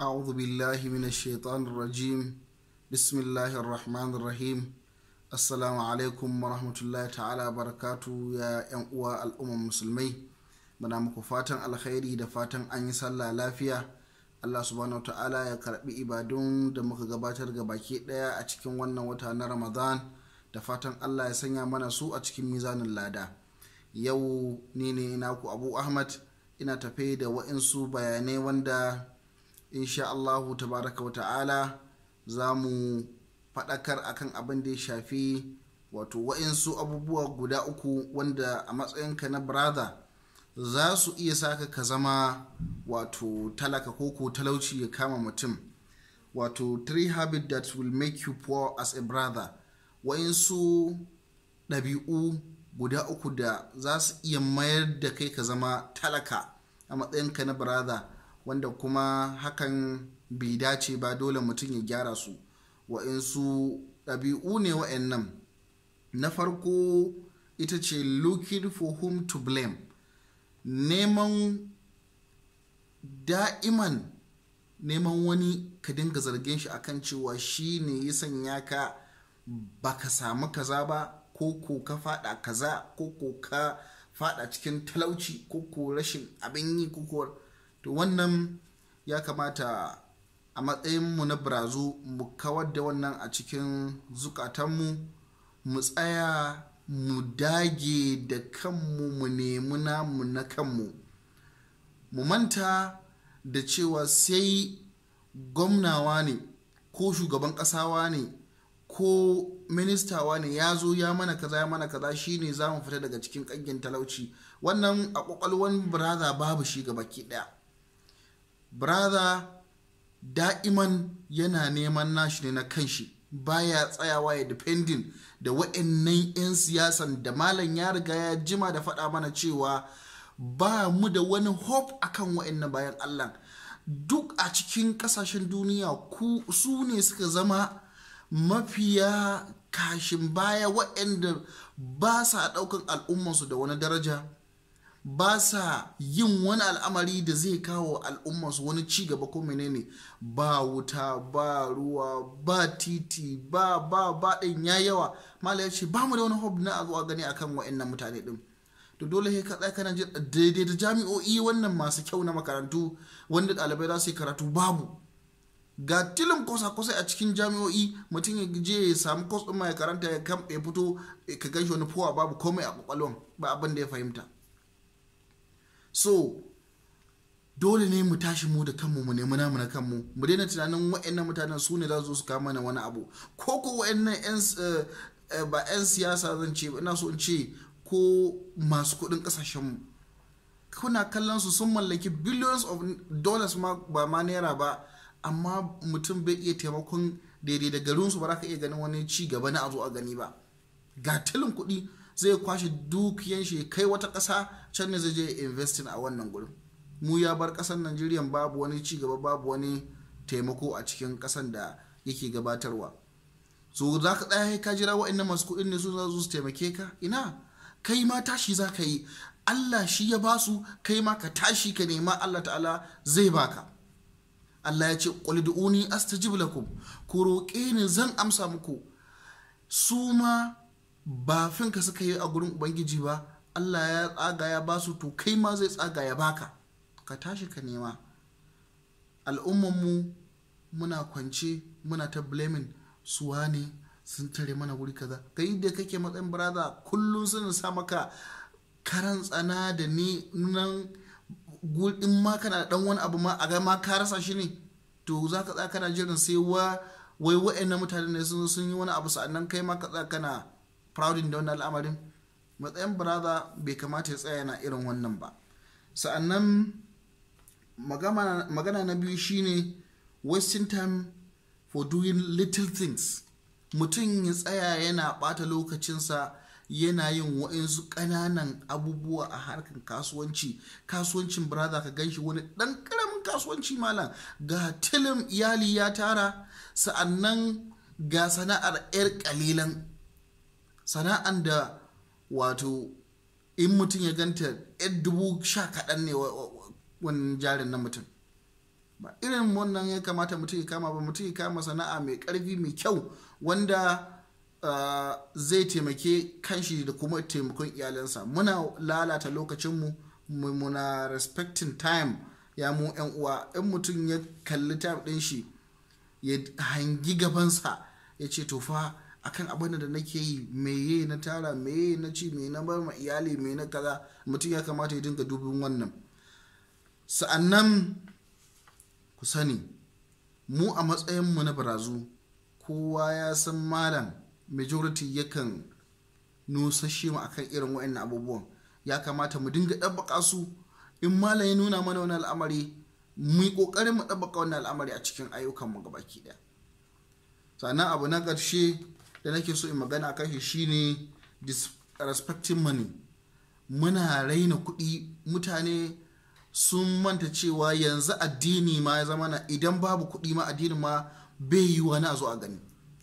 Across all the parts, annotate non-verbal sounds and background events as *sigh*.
أعوذ بالله من الشيطان الرجيم بسم الله الرحمن الرحيم السلام alaikum warahmatullahi ta'ala barakatu ya yan uwa al'umman musulmai Bana muku fatan alkhairi da fatan an yi sallah lafiya Allah subhanahu ta'ala ya karbi ibadun da muka gabatar ga baki daya a cikin wannan wata na Ramadan da fatan Allah ya sanya mana su a cikin mizanin lada yau ni ne naku Abu Ahmad ina tafe da wa'insu bayanai wanda insha allahu tabaraka wa ta'ala za mu faɗakar akan abin da ya shafi wato wa'insu abubuwa guda uku wanda a matsayinka na brother za su iya saka ka zama wato talaka ko ko talauci ya kama mutum wato three habits that will make you poor as a brother wa'insu ɗabi'u guda uku da za su iya mayar da kai ka zama talaka a matsayinka na brother wanda kuma hakan bai dace ba dole mutum ya gyara su wa'insu ɗabi'u ne wa'annan na farko ita ce looking for whom to blame neman da'iman neman wani ka dinga zargin shi akan cewa shi ne ya sanya ka baka samu kaza ba ko ko ka fada kaza ko ko ka fada cikin talauci ko ko rashin abin yi ko to wannan ya kamata a matsayinmu na birazu mu kawar da wannan a cikin zukatanmu mu tsaya mu dage da kanmu mu nemi namu na kanmu mu manta da cewa sai gwamnawa ne ko shugaban ƙasawa ne ko ministawa ne ya zo ya mana kaza ya mana kaza shi ne za mu fita daga cikin ƙangin talauci wannan a ƙwaƙwalwan biraza babu shi gabaki ɗaya brother da'iman yana neman nashi ne na kanshi baya tsayawa ya depending da wa'annan 'yan siyasan da malam ya riga ya jima da faɗa mana cewa ba mu da wani hope akan wa'annan bayan allah duk a cikin kasashen duniya su ne suka zama mafiya kashin baya wa'anda ba sa ɗaukan al'ummansu da wani daraja ba sa yin wani al'amari da zai kawo al'ummarsu wani ci gaba ko menene ba wuta ba ruwa ba titi ba ba ba ɗin ya yawa mala ya ce ba mu da wani hob na a zuwa gani akan wa'annan mutane ɗin to dole sai ka tsaya kana daidai da jami'o'i wannan masu kyau na makarantu wanda ɗalibai za su yi karatu babu ga tilin kwasa kosai a cikin jami'o'i mutum ya je ya samu kwas ɗin ya karanta ya fito ka gan shi wani fowa babu komai a kwakwalwan ba abin da ya fahimta so dole ne mu tashi mu da kanmu mu nemi namu na kanmu mu daina tunanin wa'annan mutanen su ne za su su kama na wani abu ko ko wa'annan yan eh, eh, ba yan siyasa zan ce ina so in ce ko masu kuɗin ƙasashen mu kuna kallon su sun mallaki billions of dollars ma ba ma naira ba amma mutum bai iya taimakon daidai da su ba za ka iya ganin wani ci gaba na a zo a gani ba ga tilin kuɗi zai kwashe dukiyan shi kai wata ƙasa can ne zai je investin a wannan gurin mu ya bar ƙasar najeriya babu wani ci gaba babu wani taimako a cikin ƙasan da yake gabatarwa so za ka tsaya ka jira wa'annan masu kuɗin ne su za su taimake ka ina kai ma tashi za ka yi allah shi ya basu kai ma ka tashi ka nema allah ta'ala zai baka Allah ya ce ƙuliduni astajib lakum ku roƙe ni zan amsa muku su ma ba finka suka yi a gurin ubangiji ba allah ya tsaga ya su to kai ma zai tsaga ya baka ka tashi ka nema al'ummanmu muna kwance muna ta blaming suwa ne sun tare mana wuri kaza yi da kake matsayin brother kullum sun sa maka karan tsana da ni nan gudin ma kana dan wani abu ma a ga ma ka rasa shi ne to za ka tsaya kana jiran sai wa wai wa'annan mutane ne sun yi wani abu sa'annan kai ma ka tsaya kana proudin da wannan al'amarin matsayin brother bai kamata ya tsaya na irin wannan ba sa'annan magana na biyu shine wasting time for doing little things mutum ya tsaya yana bata lokacinsa yana yin wa'insu ƙananan abubuwa a harkar kasuwanci kasuwancin brother ka ganshi wani ɗan karamin kasuwanci malam ga tilin iyali ya tara sa'annan ga sana'ar 'yar ƙalilan sana'an da wato in mutum ya ganta yan dubu sha kaɗan ne wani jarin na mutum ba irin wannan ya kamata mutum ya kama ba mutum ya kama sana'a mai ƙarfi mai kyau wanda ah, zai taimake kanshi da kuma taimakon iyalansa muna lalata lokacinmu muna respecting time ya mu yan uwa in mutum ya kalli time ɗin shi ya hangi gabansa ya ce to akan abin da nake yi meye na tara meye na ci me na bar ma iyali me na kaza mutum ya kamata ya dinga dubin wannan sa'annan ku sani mu a matsayin mu na barazu kowa ya san malam majority yakan nusashe mu akan irin wa'annan abubuwan ya kamata mu dinga ɗabbaka su in malam ya nuna mana wani al'amari mu yi ƙoƙarin mu ɗabbaka wani al'amari a cikin ayyukanmu gabaki ɗaya sannan abu na ƙarshe da nake so in magana a kashi shine disrespecting money muna raina kuɗi mutane sun manta cewa yanzu addini ma ya zama na idan babu kuɗi ma addini ma bai yi wani a zo a gani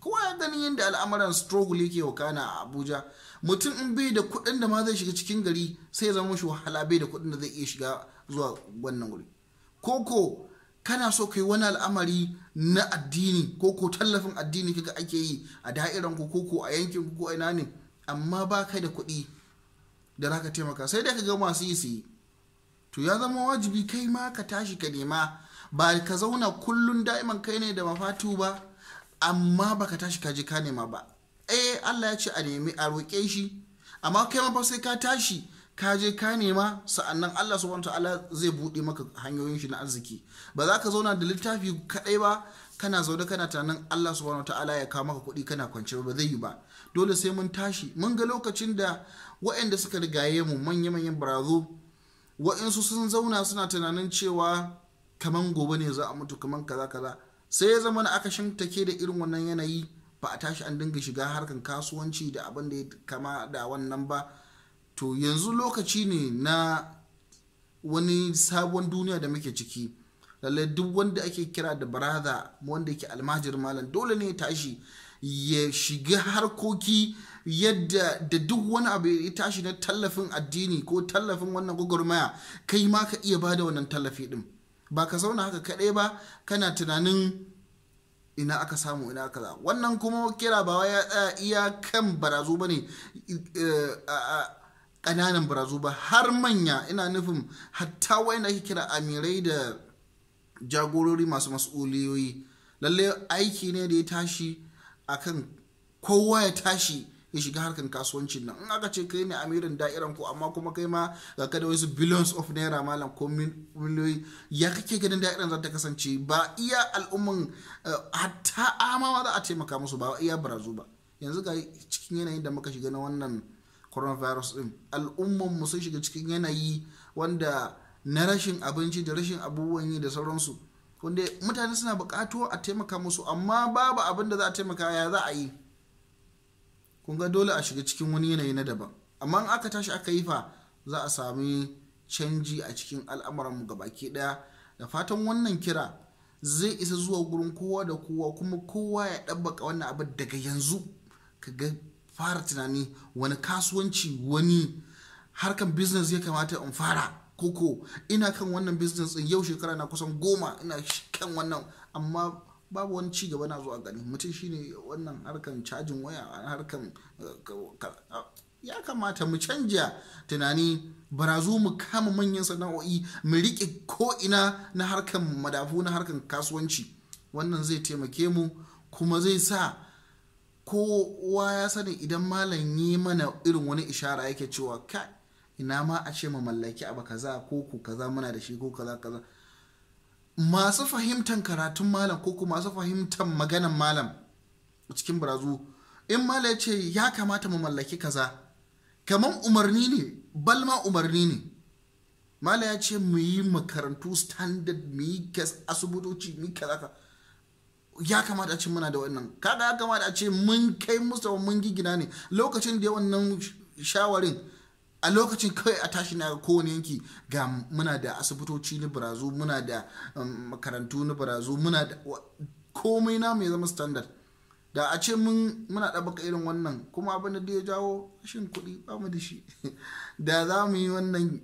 kowa ya gani yadda al'amuran struggle yake wakana a abuja mutum in bai da kuɗin da ma zai shiga cikin gari sai ya zama shi wahala bai da kuɗin da zai iya shiga zuwa wannan wuri koko kana so ka yi wani al'amari na addini ko ko tallafin addini kaga ake yi a da'iran ku ko a yankin ku ko ina ne amma ba kai da kuɗi da za ka taimaka sai dai ka ga masu yi su yi to ya zama wajibi kai ma ka tashi ka nema ba ka zauna kullum da'iman kai ne da mafatu ba amma ba ka tashi ka je ka nema ba eh Allah ya ce a nemi a roƙe shi amma kai ma ba sai ka tashi ka je ka nema sa'annan Allah subhanahu ta'ala zai buɗe maka hanyoyin shi na arziki ba za ka zauna da littafi kaɗai ba kana zaune kana tunanin Allah subhanahu ta'ala ya kawo maka kuɗi kana kwance ba zai yi ba dole sai mun tashi mun ga lokacin da waɗanda suka rigaye mu manya-manyan barazo waɗansu sun zauna suna tunanin cewa kaman gobe ne za a mutu kaman kaza kaza sai ya zama na aka shantake da irin wannan yanayi ba a tashi an dinga shiga harkan kasuwanci da abin da ya kama da wannan ba to yanzu lokaci ne na wani sabon duniya da muke ciki lallai duk wanda ake kira da baraza wanda yake almajir malam dole ne tashi ya shiga harkoki yadda da duk wani abu ya tashi na tallafin addini ko tallafin wannan gwagwarmaya kai ma ka iya bada wannan tallafi din ba ka zauna haka kaɗai ba kana tunanin ina aka samu ina aka wannan kuma kira ba ya tsaya iya kan barazo ne. ƙananan barazu ba har manya ina nufin hatta wayanda ake kira amirai da jagorori masu mas'uliyoyi lalle aiki ne da ya tashi akan kowa ya tashi ya shiga harkan kasuwancin nan in aka ce kai ne amirin da'iran ko amma kuma kai ma ga kada wasu billions of naira malam ko miliyoyi ya kake ganin da'iran za ta kasance ba iya al'umman eh, hatta amawa za a taimaka musu ba iya barazu ba yanzu ga cikin yanayin da muka shiga na wannan coronavirus din al'umman mu sun shiga cikin yanayi wanda na rashin abinci da rashin abubuwan yi da sauransu wanda mutane suna bukato a taimaka musu amma babu abin da za a taimaka ya za a yi kun ga dole a shiga cikin wani yanayi na daban amma in aka tashi aka yi fa za a sami canji a cikin al'amuranmu ke ɗaya da fatan wannan kira zai isa zuwa gurin kowa da kowa kuma kowa ya ɗabbaka wannan abin daga yanzu ka ga fara tunani wani kasuwanci wani harkan business ya kamata in fara koko ina kan wannan business in yau shekara na kusan goma ina kan wannan amma babu wani ci gaba na zuwa gani mutum shine wannan harkan cajin waya harkan ya kamata mu canja tunani barazu mu kama manyan sana'o'i mu riƙe ko'ina na harkan madafu na harkan kasuwanci wannan zai taimake mu kuma zai sa kowa ya sani idan malam yi mana irin wani ishara yake cewa kai ina ma a ce ma mallaki abu kaza ko ku kaza muna da shi ko kaza kaza masu fahimtar karatun malam ko kuma masu fahimtar maganan malam cikin barazu in malam ya ce ya kamata mu mallaki kaza kamar umarni ne balma umarni ne malam ya ce mu yi makarantu standard mu yi asibitoci mu yi kaza kaza ya kamata a ce muna da wannan kada ya kamata a ce mun kai musu mun gigina ne lokacin da wannan shawarin a lokacin kai a tashi na kowane yanki ga muna da asibitoci na barazu muna da um, makarantu na barazu muna da komai na mai zama standard da a ce mun muna ɗabaka irin wannan kuma abin da ya jawo shin kuɗi ba mu da shi *laughs* da za mu yi wannan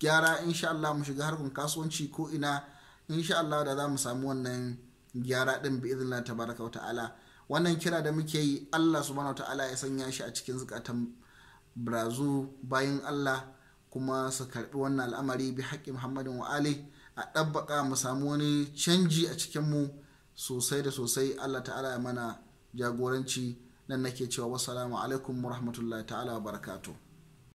gyara insha Allah mu shiga harkar kasuwanci ko ina insha Allah da za mu samu wannan gyara din bi baraka wa ta'ala wannan kira da muke yi Allah wa ta'ala ya sanya shi a cikin zukatan brazu bayan Allah kuma su karbi wannan al'amari bi haƙƙi Muhammadin wa ali a ɗabbaƙa mu samu wani canji a cikin mu sosai da sosai Allah ta'ala ya mana jagoranci nan nake cewa wasu alaikum wa rahmatullahi ta'ala wa barakatuh